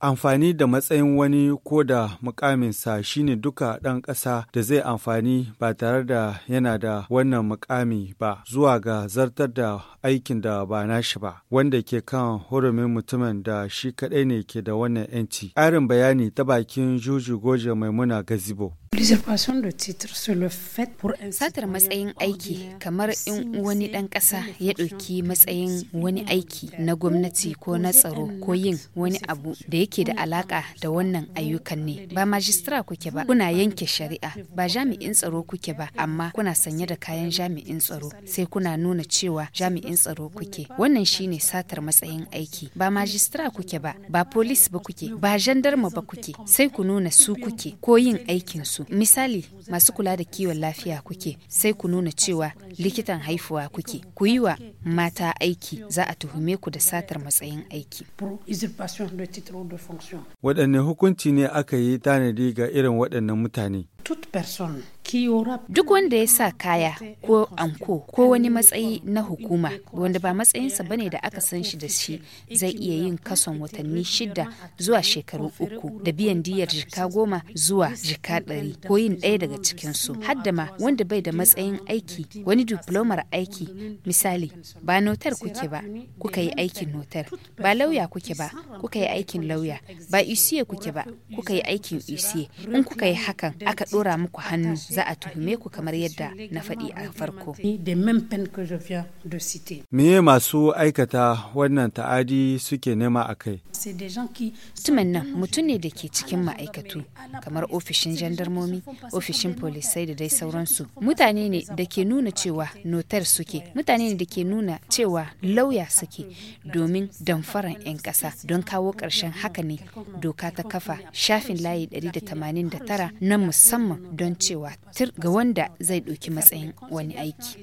Amfani da matsayin wani ko da mukaminsa shine duka ɗan ƙasa da zai amfani ba tare da yana da wannan mukami ba zuwa ga zartar da aikin da ba nashi ba wanda ke kan hurumin mutumin da shi kaɗai ne ke da wannan 'yanci. Ƙarin bayani ta bakin Juju Goje Maimuna Gazibo. Satar matsayin aiki kamar in wani ɗan ƙasa ya ɗauki matsayin wani aiki na gwamnati ko na tsaro ko yin wani abu da yake da alaƙa da wannan ayyukan ne. Ba majistra kuke ba, kuna yanke shari'a, ba jami'in tsaro kuke ba, amma kuna sanye da kayan jami'in tsaro sai kuna nuna cewa jami'in tsaro kuke. Wannan shi ne satar matsayin aiki. Ba majistra kuke ba, ba polis ba kuke, ba jandarma ba kuke, sai ku nuna su kuke ko yin aikinsu. su misali masu kula da kiwon lafiya kuke sai ku nuna cewa likitan haifuwa kuke ku yi wa mata aiki za a tuhume ku da satar matsayin aiki waɗanne hukunci ne aka yi tanadi ga irin waɗannan mutane Duk wanda ya sa kaya ko anko ko wani matsayi na hukuma wanda ba matsayinsa ba ne da aka san shi da shi zai iya yin kason watanni shida zuwa shekaru uku da biyan diyar jika goma zuwa jika ɗari ko yin ɗaya daga cikinsu. Hadda ma wanda bai da matsayin aiki wani diplomar aiki misali ba notar kuke ba kuka yi aikin notar ba lauya kuke ba kuka yi aikin lauya ba isiye kuke ba kuka yi aikin isiye in kuka yi hakan aka ɗora muku hannu za a tuhume ku kamar yadda na faɗi a farko. Me masu aikata wannan ta'adi suke nema a kai? Mutumin nan mutum ne da ke cikin ma'aikatu kamar ofishin jandarmomi, ofishin polisai da dai sauransu. Mutane ne da ke nuna cewa notar suke, mutane ne da ke nuna cewa lauya suke domin damfaran 'yan ƙasa don kawo ƙarshen haka ne doka ta kafa shafin layi 189 na musamman don cewa tir ga wanda zai ɗauki matsayin wani aiki.